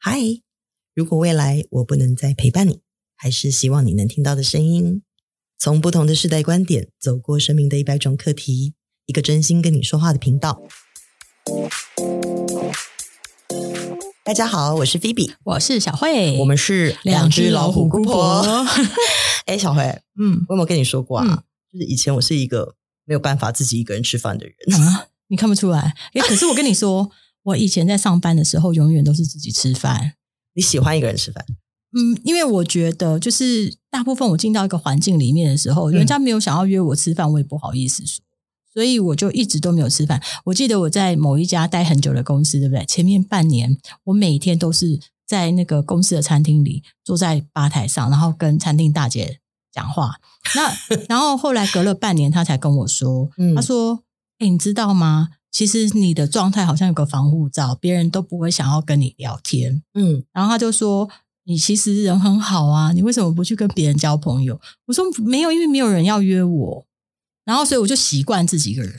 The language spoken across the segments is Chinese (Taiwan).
嗨，Hi, 如果未來我不能再陪伴你，還是希望你能聽到的聲音。從不同的世代觀點，走過生命的一百種課題，一個真心跟你說話的頻道。大家好，我是菲比，b e 我是小慧，我們是兩隻老虎姑婆。哎、， 欸，小慧，嗯，我有沒有跟你說過啊？嗯、就是以前我是一個沒有辦法自己一個人吃飯的人啊，你看不出來？哎、欸，可是我跟你說。 我以前在上班的時候，永遠都是自己吃飯。你喜歡一個人吃飯？嗯，因為我覺得，就是大部分我進到一個環境裡面的時候，嗯、人家沒有想要約我吃飯，我也不好意思說，所以我就一直都沒有吃飯。我記得我在某一家待很久的公司，對不對？前面半年，我每天都是在那個公司的餐廳裡坐在吧台上，然後跟餐廳大姐講話。那 然後後來隔了半年，他才跟我說，嗯、他說：“誒、欸，你知道嗎？”其實你的狀態好像有個防護罩，別人都不會想要跟你聊天。嗯，然後他就說：“你其實人很好啊，你為什麼不去跟別人交朋友？”我說：“沒有，因為沒有人要約我。”然後所以我就習慣自己一個人。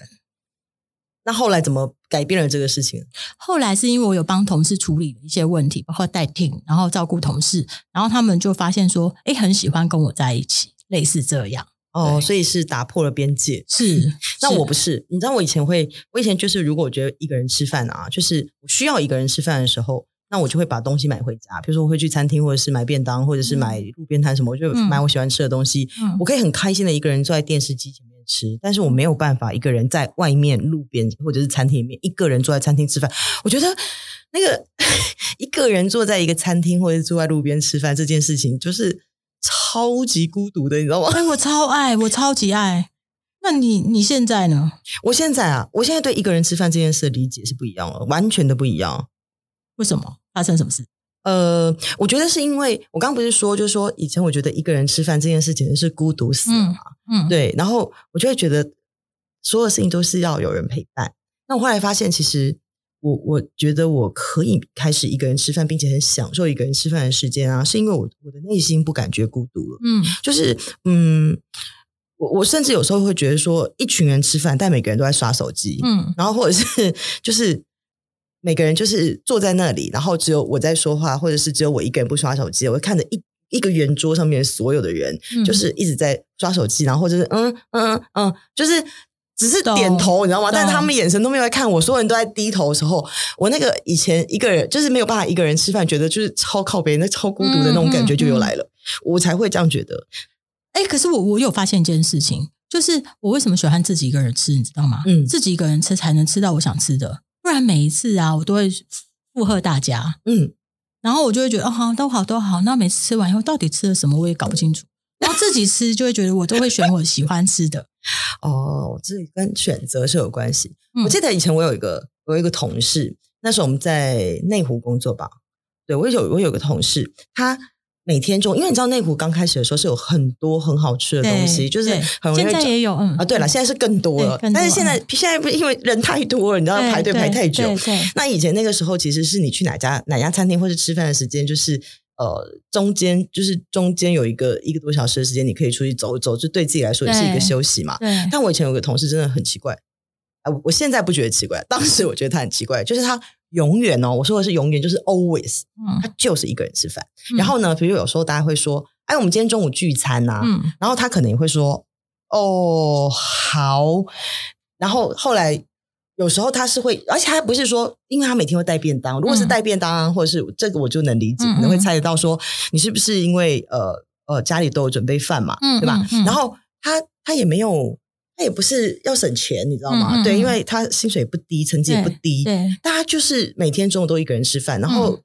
那後來怎麼改變了這個事情？後來是因為我有幫同事處理一些問題，包括代替，然後照顧同事，然後他們就發現說：“誒，很喜歡跟我在一起。”類似這樣。哦，對所以是打破了邊界。是，那我不是，你知道我以前會，我以前就是，如果我覺得一個人吃飯啊，就是我需要一個人吃飯的時候，那我就會把東西買回家，比如說我會去餐廳，或者是買便當，或者是買路邊攤什麼，嗯、我就買我喜歡吃的東西。嗯、我可以很開心的一個人坐在電視機前面吃，嗯、但是我沒有辦法一個人在外面路邊或者是餐廳裡面一個人坐在餐廳吃飯。我覺得那個 一個人坐在一個餐廳或者是坐在路邊吃飯這件事情，就是。超級孤獨的，你知道嗎？哎，我超愛，我超級愛。那你你現在呢？我現在啊，我現在對一個人吃飯這件事的理解是不一樣了，完全的不一樣。為什麼？發生什麼事？呃，我覺得是因為我剛剛不是說，就是說以前我覺得一個人吃飯這件事簡直是孤獨死嘛，嗯，嗯，對。然後我就會覺得所有事情都是要有人陪伴。那我後來發現，其實。我我覺得我可以開始一個人吃飯，並且很享受一個人吃飯的時間啊，是因為我我的內心不感覺孤獨了，嗯、就是。嗯，就是嗯，我我甚至有時候會覺得說，一群人吃飯，但每個人都在刷手機。嗯，然後或者是就是每個人就是坐在那裡，然後只有我在說話，或者是只有我一個人不刷手機，我會看着一一個圓桌上面所有的人，嗯、就是一直在刷手機，然後或者是嗯嗯嗯，嗯，就是。只是點頭，懂你知道嗎？但是他們眼神都沒有在看我，所有人都在低頭的時候，我那個以前一個人就是沒有辦法一個人吃飯，覺得就是超靠別人、那超孤獨的那種感覺就又來了，嗯嗯、我才會這樣覺得。哎、欸，可是我我有發現一件事情，就是我為什麼喜歡自己一個人吃，你知道嗎？嗯，自己一個人吃才能吃到我想吃的，不然每一次啊，我都會附和大家，嗯，然後我就會覺得哦，好都好都好，那每次吃完以後到底吃了什麼，我也搞不清楚。然後自己吃就會覺得我都會選我喜歡吃的，哦，這跟選擇是有關係。嗯。我記得以前我有一個我有一個同事，那時候我們在內湖工作吧，對我有我有個同事，他每天中，因為你知道內湖剛開始的時候是有很多很好吃的東西，對就是很容易。對有現在也有，嗯啊，對了，嗯，現在是更多了，多了但是現在現在不是因為人太多了，你知道對排隊排太久。那以前那個時候其實是你去哪家哪家餐廳或是吃飯的時間就是。呃，中間就是中間有一個一個多小時的時間，你可以出去走一走，就對自己來說也是一個休息嘛。但我以前有個同事真的很奇怪。呃，我現在不覺得奇怪，當時我覺得他很奇怪，就是他永遠哦，我說的是永遠，就是 always。嗯，他就是一個人吃飯。嗯，然後呢，比如有時候大家會說，哎，我們今天中午聚餐吶、啊，嗯，然後他可能也會說，哦，好。然後後來。有時候他是會，而且他不是說，因為他每天會帶便當。如果是帶便當，嗯、或者是這個，我就能理解，可，嗯、能會猜得到說，你是不是因為呃呃家裡都有準備飯嘛，嗯、對吧？嗯嗯、然後他他也沒有，他也不是要省錢，你知道嗎？嗯、對，因為他薪水也不低，嗯、成績也不低，對、嗯。但他就是每天中午都一個人吃飯，然後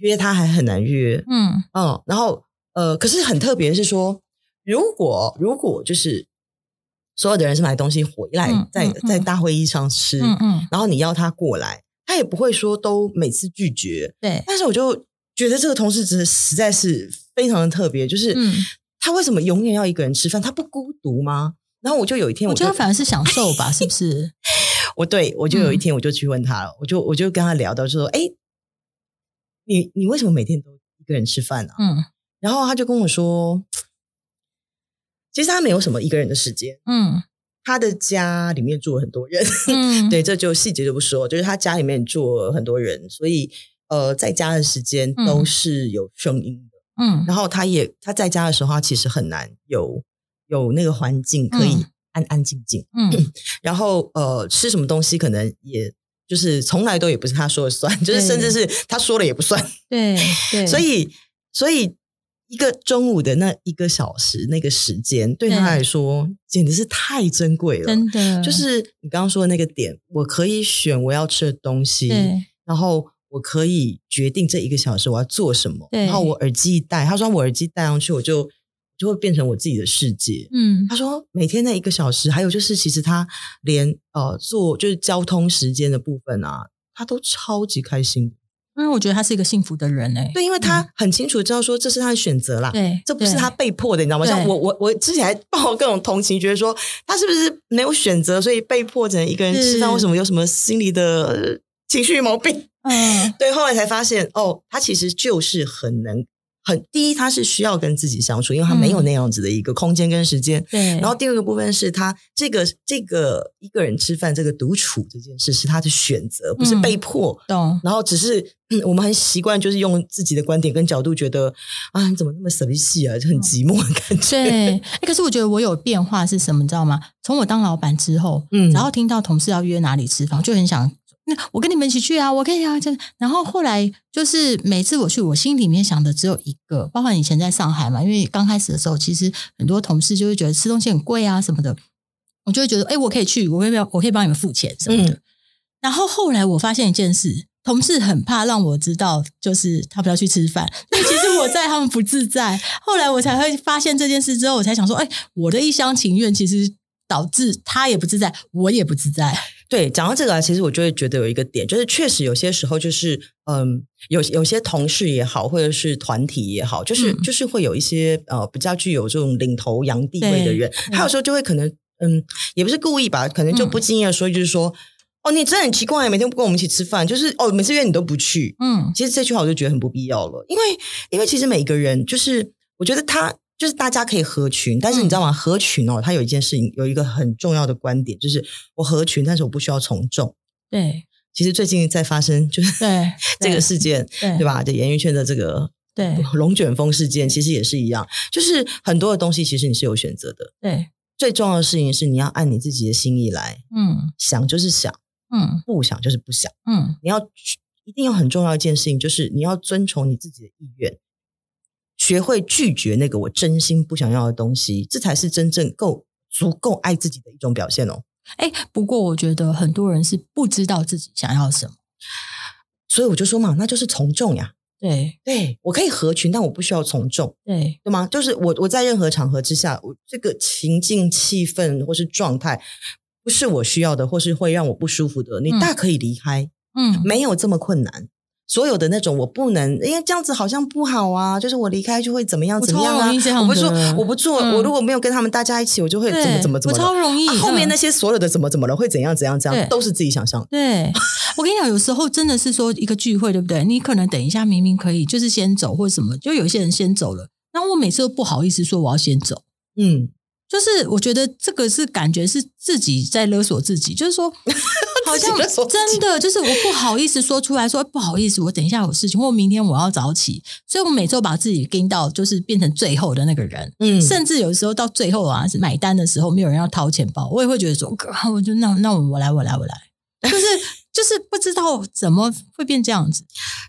約他還很難約，嗯嗯，嗯。然後呃，可是很特別是說，如果如果就是。所有的人是買東西回來在，嗯嗯、在在大會議上吃，嗯嗯、然後你要他過來，他也不會說都每次拒絕。對，但是我就覺得這個同事真的實在是非常的特別，就是、嗯、他為什麼永遠要一個人吃飯？他不孤獨嗎？然後我就有一天我就，我覺得反而是享受吧， 是不是？我對我就有一天，我就去問他了，我就我就跟他聊到，就說：“哎、欸，你你為什麼每天都一個人吃飯呢、啊？”嗯、然後他就跟我說。其實他沒有什麼一個人的時間，嗯，他的家裡面住了很多人，嗯、 對，這就細節就不說，就是他家裡面住了很多人，所以呃，在家的時間都是有聲音的，嗯，嗯然後他也他在家的時候，他其實很難有有那個環境可以安安靜靜，嗯，嗯然後呃，吃什麼東西可能也就是從來都也不是他說了算，對就是甚至是他說了也不算，對,對 所，所以所以。一個中午的那一個小時，那個時間對他來說對簡直是太珍貴了。真的，就是你剛剛說的那個點，我可以選我要吃的東西，對然後我可以決定這一個小時我要做什麼。對然後我耳機一戴，他說我耳機戴上去，我就就會變成我自己的世界。嗯，他說每天那一個小時，還有就是其實他連呃做就是交通時間的部分啊，他都超級開心。因為我覺得他是一個幸福的人，哎、欸，對，因為他很清楚知道說這是他的選擇啦，對、嗯，這不是他被迫的，你知道嗎？對像我，我，我之前還抱各種同情，覺得說他是不是沒有選擇，所以被迫只能一個人吃飯，為什麼是有什麼心理的情緒毛病？嗯，對，後來才發現哦，他其實就是很能。很第一，他是需要跟自己相處，因為他沒有那樣子的一個空間跟時間。嗯、對。然後第二個部分是他這個這個一個人吃飯這個獨處這件事是他的選擇，嗯、不是被迫。懂。然後只是、嗯、我們很習慣，就是用自己的觀點跟角度覺得啊，你怎麼那麼熟悉啊，就很寂寞的感覺。嗯、對。哎，可是我覺得我有變化是什麼？你知道嗎？從我當老板之後，嗯，然後聽到同事要約哪裡吃飯，我就很想。那我跟你們一起去啊！我可以啊，就然後後來就是每次我去，我心裡面想的只有一個，包括以前在上海嘛，因為剛開始的時候，其實很多同事就會覺得吃東西很貴啊什麼的，我就會覺得哎，我可以去，我可以，我可以幫你們付錢什麼的。嗯、然後後來我發現一件事，同事很怕讓我知道，就是他不要去吃飯，但其實我在他們不自在。 後來我才會發現這件事之後，我才想說，哎，我的一廂情願其實導致他也不自在，我也不自在。對，講到這個啊，其實我就會覺得有一個點，就是確實有些時候就是，嗯，有有些同事也好，或者是團體也好，就是、嗯、就是會有一些呃比較具有這種領頭羊地位的人，他對有時候就會可能，嗯，也不是故意吧，可能就不經意的說，嗯、所以就是說，哦，你真的很奇怪，每天不跟我們一起吃飯，就是哦，每次約你都不去，嗯，其實這句話我就覺得很不必要了，因為因為其實每個人就是，我覺得他。就是大家可以合群，但是你知道嗎？合群哦，它有一件事情，有一個很重要的觀點，就是我合群，但是我不需要從眾。對，其實最近在發生就是這個事件，對吧？這演藝圈的這個龍捲風事件，其實也是一樣，就是很多的東西，其實你是有選擇的。對，最重要的事情是你要按你自己的心意來。嗯，想就是想，嗯，不想就是不想，嗯，你要一定要很重要一件事情，就是你要遵從你自己的意願。學會拒絕那個我真心不想要的東西，這才是真正夠足夠愛自己的一種表現哦。哎、欸，不過我覺得很多人是不知道自己想要什麼，所以我就說嘛，那就是從眾呀。對，對，我可以合群，但我不需要從眾。對，對嗎？就是我，我在任何場合之下，我這個情境、氣氛或是狀態，不是我需要的，或是會讓我不舒服的，你大可以離開。嗯，沒有這麼困難。所有的那種，我不能，因為這樣子好像不好啊。就是我離開就會怎麼樣怎麼樣啊？我會說，我不做，我不做。嗯、我如果沒有跟他們大家一起，我就會怎麼怎麼怎麼，我超容易。啊、的後面那些所有的怎麼怎麼了，會怎樣怎樣，怎樣對這樣，都是自己想象的。對，我跟你講，有時候真的是說一個聚會，對不對？你可能等一下明明可以就是先走或者什麼，就有些人先走了。那我每次都不好意思說我要先走。嗯。就是我覺得這個是感覺是自己在勒索自己，就是說 好像真的就是我不好意思說出來說不好意思，我等一下有事情，或明天我要早起，所以我每週把自己盯到就是變成最後的那個人，嗯，甚至有時候到最後啊是買單的時候沒有人要掏錢包，我也會覺得說哥，我就那那我我來我來我來，就是。 就是不知道怎麼會變這樣子，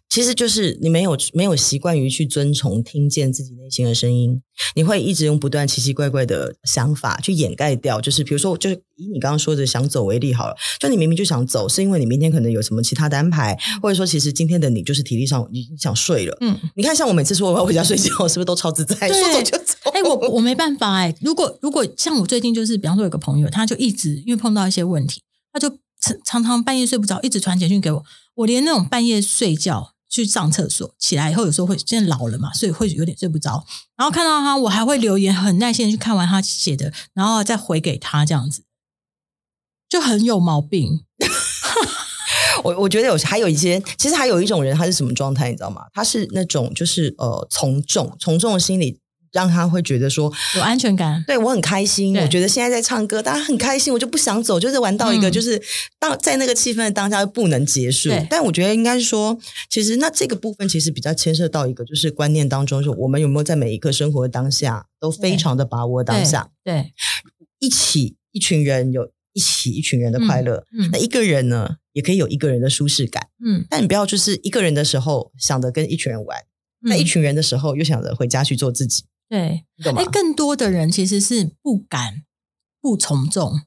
其實就是你沒有沒有習慣於去遵從、聽見自己內心的聲音，你會一直用不斷奇奇怪怪的想法去掩蓋掉。就是比如說，就是以你剛剛說的想走為例好了，就你明明就想走，是因為你明天可能有什麼其他的安排，或者說其實今天的你就是體力上已經想睡了。嗯，你看，像我每次說我要回家睡覺，我是不是都超自在？對說走就走。哎、欸，我我沒辦法哎、欸。如果如果像我最近就是，比方說有個朋友，他就一直因為碰到一些問題，他就。常常半夜睡不着，一直傳簡訊給我。我連那種半夜睡覺去上廁所，起來以後有時候會，現在老了嘛，所以會有點睡不着。然後看到他，我還會留言，很耐心的去看完他寫的，然後再回給他這樣子，就很有毛病。 我我覺得有，還有一些，其實還有一種人，他是什麼狀態，你知道嗎？他是那種就是呃從眾，從眾心理。讓他會覺得說有安全感，對，我很開心。對我覺得現在在唱歌，大家很開心，我就不想走，就是玩到一個，就是當在那個氣氛的當下不能結束。嗯、但我覺得應該是說，其實那這個部分其實比較牽涉到一個，就是觀念當中，就我們有沒有在每一個生活的當下都非常的把握當下。對，對對對，一起一群人有一起一群人的快樂，嗯嗯、那一個人呢，也可以有一個人的舒適感。嗯，但你不要就是一個人的時候想着跟一群人玩，那、嗯、一群人的時候又想着回家去做自己。對，哎，更多的人其實是不敢不從眾，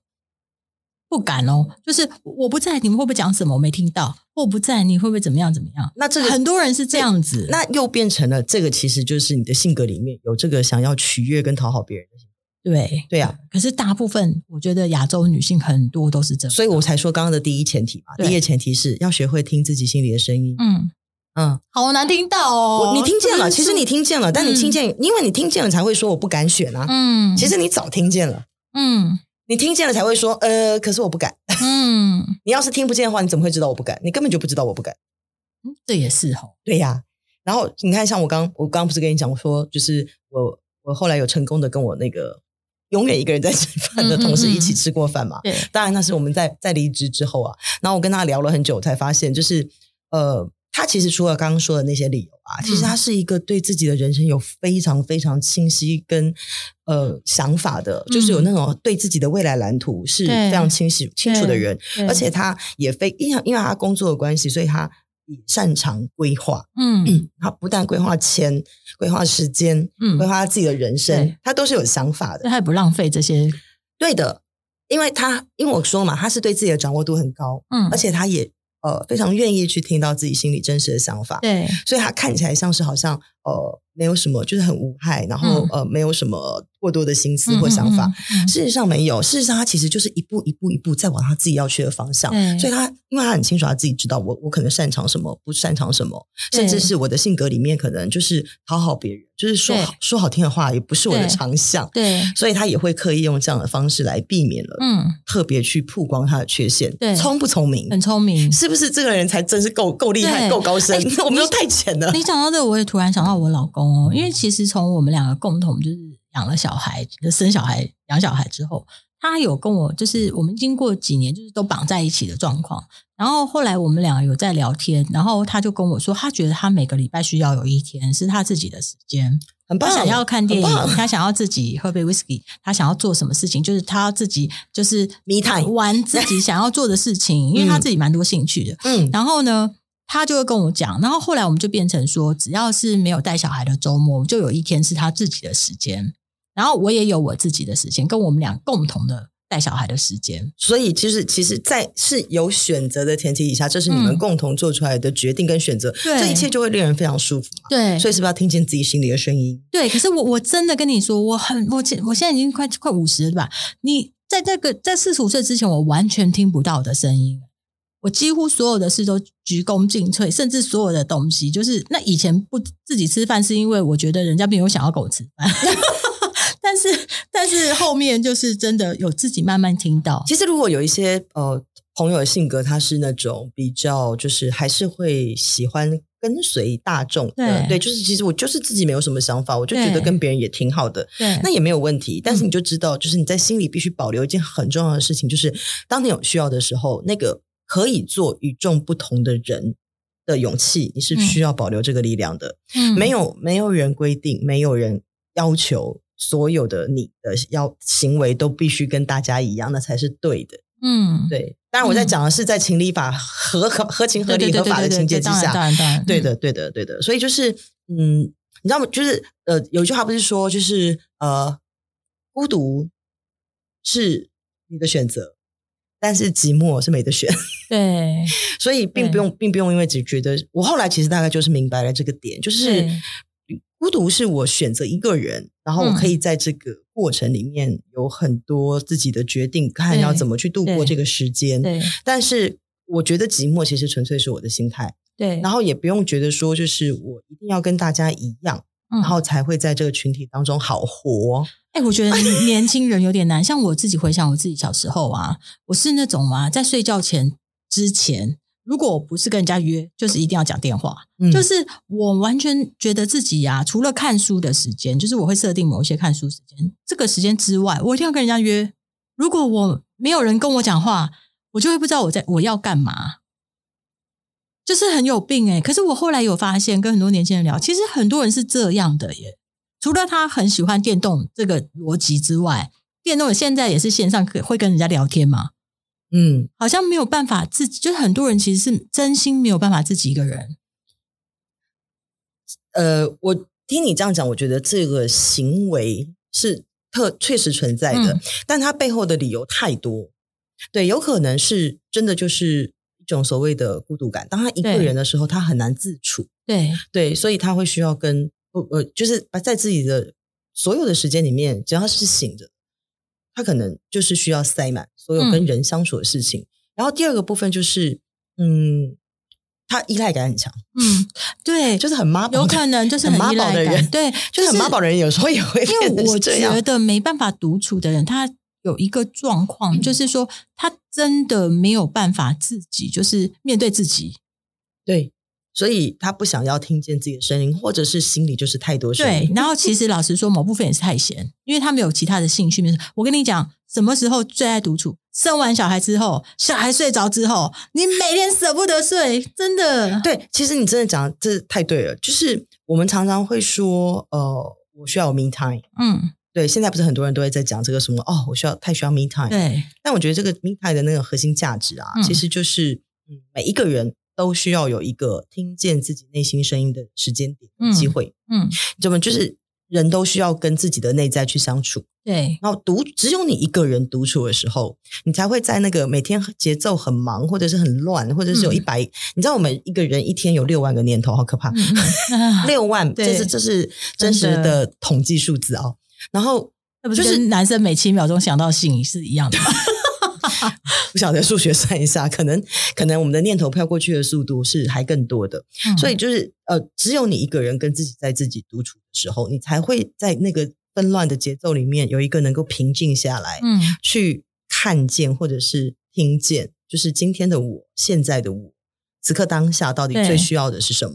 不敢哦。就是我不在，你們會不會講什麼？我沒聽到。我不在，你會不會怎麼樣？怎麼樣？那這個、很多人是這樣子。那又變成了這個，其實就是你的性格裡面有這個想要取悅跟討好別人的性格。對，對呀、啊。可是大部分我覺得亞洲女性很多都是這樣，所以我才說剛剛的第一前提嘛，對第二個前提是要學會聽自己心裡的聲音。嗯。嗯，好難聽到哦！你聽見了，其實你聽見了，但你聽見，嗯、因為你聽見了才會說我不敢選啊。嗯，其實你早聽見了。嗯，你聽見了才會說，呃，可是我不敢。嗯， 你要是聽不見的話，你怎麼會知道我不敢？你根本就不知道我不敢。嗯，這也是哦。對呀、啊。然後你看，像我剛，我剛，剛不是跟你講，我說就是我，我後來有成功的跟我那個永遠一個人在吃飯的同事一起吃過飯嘛？嗯嗯嗯對。當然那是我們在在離職之後啊。然後我跟他聊了很久，才發現就是呃。他其實除了剛剛說的那些理由啊，嗯、其實他是一個對自己的人生有非常非常清晰跟呃想法的，嗯、就是有那種對自己的未來藍圖是非常清晰對清楚的人，而且他也非因因為他工作的關係，所以他也擅長規劃。嗯，嗯，他不但規劃錢，規劃時間，嗯，規劃他自己的人生，對他都是有想法的。他也不浪費這些。對的，因為他因為我說嘛，他是對自己的掌握度很高，嗯，而且他也。呃，非常願意去聽到自己心裡真實的想法，對，所以他看起來像是好像呃，沒有什麼，就是很無害，然後，嗯，呃，沒有什麼，過多的心思或想法，事實上沒有。事實上，他其實就是一步一步一步在往他自己要去的方向。所以他因為他很清楚，他自己知道我我可能擅長什麼，不擅長什麼，甚至是我的性格裡面可能就是討好別人，就是說說好聽的話，也不是我的長項。對，所以他也會刻意用這樣的方式來避免了。嗯，特別去曝光他的缺陷，對，聰不聰明？很聰明，是不是這個人才真是夠夠厲害，夠高深？我們有太淺了。你講到這個，我也突然想到我老公哦，因為其實從我們兩個共同就是。養了小孩、生小孩、養小孩之後，他有跟我，就是我們經過幾年，就是都綁在一起的狀況。然後後來我們倆有在聊天，然後他就跟我說，他覺得他每個禮拜需要有一天是他自己的時間，很棒。他想要看電影，很棒，他想要自己喝杯威士忌，他想要做什麼事情，就是他自己就是迷台玩自己想要做的事情， 因為他自己蠻多興趣的。嗯，然後呢，他就會跟我講。然後後來我們就變成說，只要是沒有帶小孩的周末，就有一天是他自己的時間。然後我也有我自己的時間，跟我們倆共同的帶小孩的時間。所以其實其實，在是有選擇的前提以下，這是你們共同做出來的決定跟選擇。嗯、對，這一切就會令人非常舒服嘛。對，所以是不是要聽見自己心裡的聲音？對，可是我我真的跟你說，我很我我現在已經快已經快，快五十了，對吧？你在這個在四十五歲之前，我完全聽不到我的聲音。我幾乎所有的事都鞠躬盡瘁，甚至所有的東西，就是那以前不自己吃飯，是因為我覺得人家並沒有想要跟我吃飯。 但是，但是後面就是真的有自己慢慢聽到。其實，如果有一些呃朋友的性格，他是那種比較就是還是會喜歡跟隨大眾。對，對，就是其實我就是自己沒有什麼想法，對我就覺得跟別人也挺好的。對那也沒有問題。嗯、但是你就知道，就是你在心裡必須保留一件很重要的事情，就是當你有需要的時候，那個可以做與眾不同的人的勇氣，你是需要保留這個力量的。嗯，沒有，沒有人規定，沒有人要求。所有的你的要行為都必須跟大家一樣，那才是對的。嗯，對。當然，我在講的是在情理法合合合情合理合法的情節之下。當然，當然，嗯、對的，對的，對的。所以就是，嗯，你知道嗎？就是呃，有一句話不是說，就是呃，孤獨是你的選擇，但是寂寞是沒得選。對。 所以，並不用，對並不用，因為只覺得我後來其實大概就是明白了這個點，就是。孤獨是我選擇一個人，然後我可以在這個過程裡面有很多自己的決定，嗯、看要怎麼去度過這個時間。對，對但是我覺得寂寞其實純粹是我的心態。對，然後也不用覺得說，就是我一定要跟大家一樣，嗯、然後才會在這個群體當中好活。哎、欸，我覺得年輕人有點難。 像我自己回想我自己小時候啊，我是那種嘛，啊，在睡覺前之前。如果我不是跟人家約，就是一定要講電話。嗯、就是我完全覺得自己呀、啊，除了看書的時間，就是我會設定某一些看書時間，這個時間之外，我一定要跟人家約。如果我沒有人跟我講話，我就會不知道我在，我要幹嘛，就是很有病誒、欸、可是我後來有發現，跟很多年輕人聊，其實很多人是這樣的耶、欸。除了他很喜歡電動這個邏輯之外，電動現在也是線上可會跟人家聊天嘛。嗯，好像沒有辦法自己，就是很多人其實是真心沒有辦法自己一個人。呃，我聽你這樣講，我覺得這個行為是特確實存在的，嗯、但他背後的理由太多。對，有可能是真的就是一種所謂的孤獨感。當他一個人的時候，他對很難自處。對對，所以他會需要跟呃呃，就是在自己的所有的時間裡面，只要是醒着。他可能就是需要塞滿所有跟人相處的事情，嗯、然後第二個部分就是，嗯，他依賴感很強，嗯，對，就是很媽寶，有可能就是很媽寶的人，對，就是很媽寶的人，有時候也會這樣因為我覺得沒辦法獨處的人，他有一個狀況，就是說他真的沒有辦法自己，就是面對自己，嗯、對。所以他不想要聽見自己的聲音，或者是心裡就是太多事。對，然後其實老實說，某部分也是太閒，因為他沒有其他的興趣。我跟你講，什麼時候最愛獨處？生完小孩之後，小孩睡着之後，你每天捨不得睡，真的。對，其實你真的講這太對了。就是我們常常會說，呃，我需要有 me time。嗯，對。現在不是很多人都會在講這個什麼？哦，我需要太需要 me time。對。但我覺得這個 me time 的那個核心價值啊，嗯，其實就是，嗯，每一個人。都需要有一個聽見自己內心聲音的時間點機會。嗯，怎、嗯、麼就是人都需要跟自己的內在去相處。對，然後獨只有你一個人獨處的時候，你才會在那個每天節奏很忙或者是很亂，或者是有一百，嗯、你知道我們一個人一天有六萬個念頭，好可怕，嗯啊、 六萬對這是這是真實的統計數字啊、哦。的然後那不特別、就是男生每七秒鐘想到性是一樣的嗎？ 我想不曉得數學算一下，可能可能我們的念頭飄過去的速度是還更多的，嗯、所以就是呃，只有你一個人跟自己在自己獨處的時候，你才會在那個紛亂的節奏裡面有一個能夠平靜下來，嗯，去看見或者是聽見，就是今天的我，現在的我，此刻當下到底最需要的是什麼？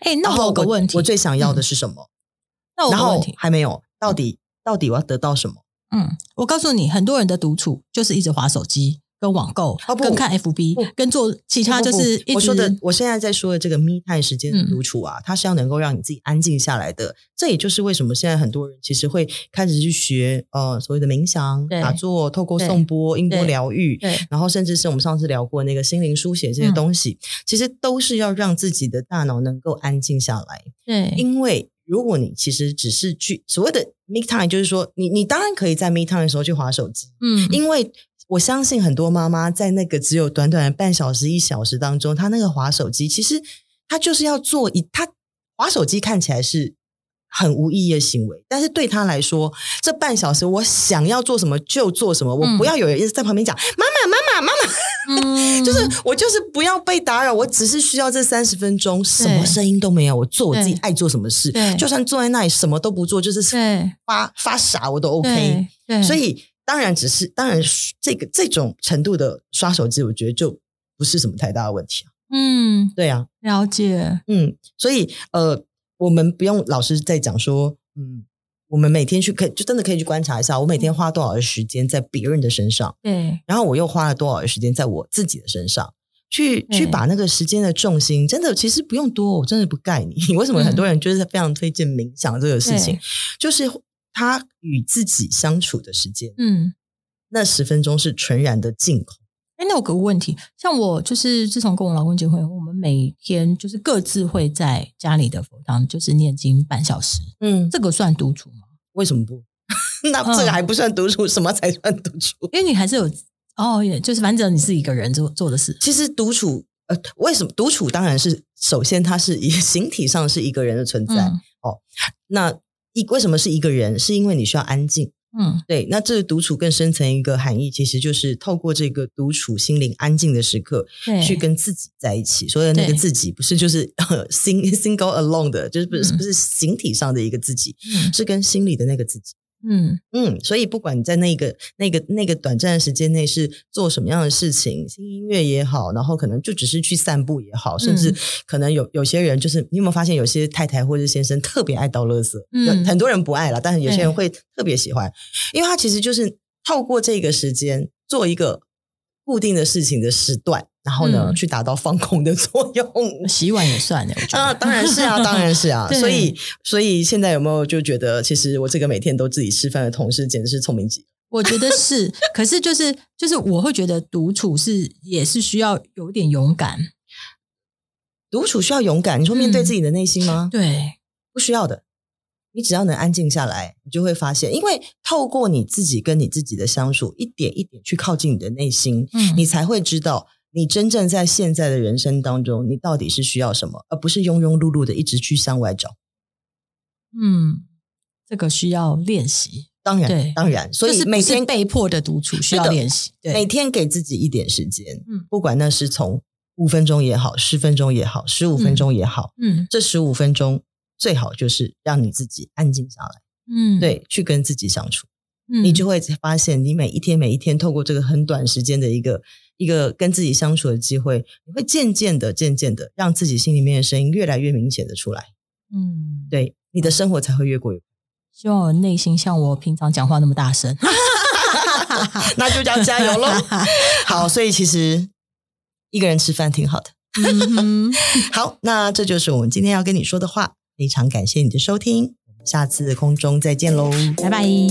哎，那我有個、啊、問題，我最想要的是什麼？嗯、那我個問題還沒有，到底到底我要得到什麼？嗯，我告訴你，很多人的獨處就是一直滑手機、跟網購、哦、不跟看 FB 不、跟做其他，就是一我說的，我現在在說的這個密探時間的獨處啊，嗯、它是要能夠讓你自己安靜下來的。這也就是為什麼現在很多人其實會開始去學呃所謂的冥想、對打坐、透過頌缽、對音波療癒，對對然後甚至是我們上次聊過那個心靈書寫這些東西，嗯、其實都是要讓自己的大腦能夠安靜下來。對，因為如果你其實只是去所謂的。Me time 就是說，你你當然可以在 Me time 的時候去滑手機，嗯，因為我相信很多媽媽在那個只有短短的半小時一小時當中，她那個滑手機其實她就是要做一，她滑手機看起來是很無意義的行為，但是對他來說，這半小時我想要做什麼就做什麼，嗯、我不要有人一直在旁邊講媽媽媽媽媽媽，就是我就是不要被打擾，我只是需要這三十分鐘，對什麼聲音都沒有，我做我自己愛做什麼事，對就算坐在那裡什麼都不做，就是發對發傻我都 OK。對所以當然只是當然這個這種程度的刷手機，我覺得就不是什麼太大的問題嗯，對呀、啊，了解。嗯，所以呃。我們不用老是在講說，嗯，我們每天去可以，就真的可以去觀察一下，我每天花多少的時間在別人的身上，對、嗯，然後我又花了多少的時間在我自己的身上，去、嗯、去把那個時間的重心，真的其實不用多，我真的不蓋你。為什麼很多人就是非常推薦冥想這個事情？嗯、就是他與自己相處的時間，嗯，那十分鐘是純然的靜。哎，那有個問題，像我就是自從跟我老公結婚，我們每天就是各自會在家裡的佛堂就是念經半小時。嗯，這個算獨處嗎？為什麼不？ 那這個還不算獨處，嗯、什麼才算獨處？因為你還是有哦，也、oh yeah, 就是反正你是一個人做做的事。其實獨處，呃，為什麼獨處？當然是首先它是形體上是一個人的存在、嗯、哦。那一為什麼是一個人？是因為你需要安靜。嗯，對，那這個獨處更深層一個含義，其實就是透過這個獨處，心靈安靜的時刻，去跟自己在一起。所以對那個自己不是就是 sing 對 single alone 的，就是不是、嗯、不是形體上的一個自己，嗯、是跟心裡的那個自己。嗯嗯，所以不管你在那個那個那個短暫的時間內是做什麼樣的事情，聽音樂也好，然後可能就只是去散步也好，嗯、甚至可能有有些人就是，你有沒有發現有些太太或者先生特別愛倒垃圾？嗯，很多人不愛啦，但是有些人會特別喜歡，嗯、因為他其實就是透過這個時間做一個固定的事情的時段，然後呢，嗯、去達到放空的作用。洗碗也算了，我覺得啊，當然是啊，當然是啊。 對所以，所以現在有沒有就覺得，其實我這個每天都自己吃飯的同事，簡直是聰明極了。我覺得是， 可是就是就是，我會覺得獨處是也是需要有點勇敢。獨處需要勇敢，你說面對自己的內心嗎？嗯、對，不需要的。你只要能安靜下來，你就會發現，因為透過你自己跟你自己的相處，一點一點去靠近你的內心，嗯，你才會知道你真正在現在的人生當中，你到底是需要什麼，而不是庸庸碌碌的一直去向外找。嗯，這個需要練習，當然，對當然，所以每天是是被迫的獨處需要練習，每天給自己一點時間，嗯，不管那是從五分鐘也好，十分鐘也好，十五分鐘也好，嗯嗯，這十五分鐘。最好就是讓你自己安靜下來，嗯，對，去跟自己相處，嗯，你就會發現，你每一天每一天，透過這個很短時間的一個一個跟自己相處的機會，你會漸漸的、漸漸的，讓自己心裡面的聲音越來越明顯的出來，嗯，對，你的生活才會越過越。希望我內心像我平常講話那麼大聲，哈哈哈，那就叫加油嘍！好，所以其實一個人吃飯挺好的。 好，那這就是我們今天要跟你說的話。非常感謝你的收聽，下次空中再見嘍，拜拜。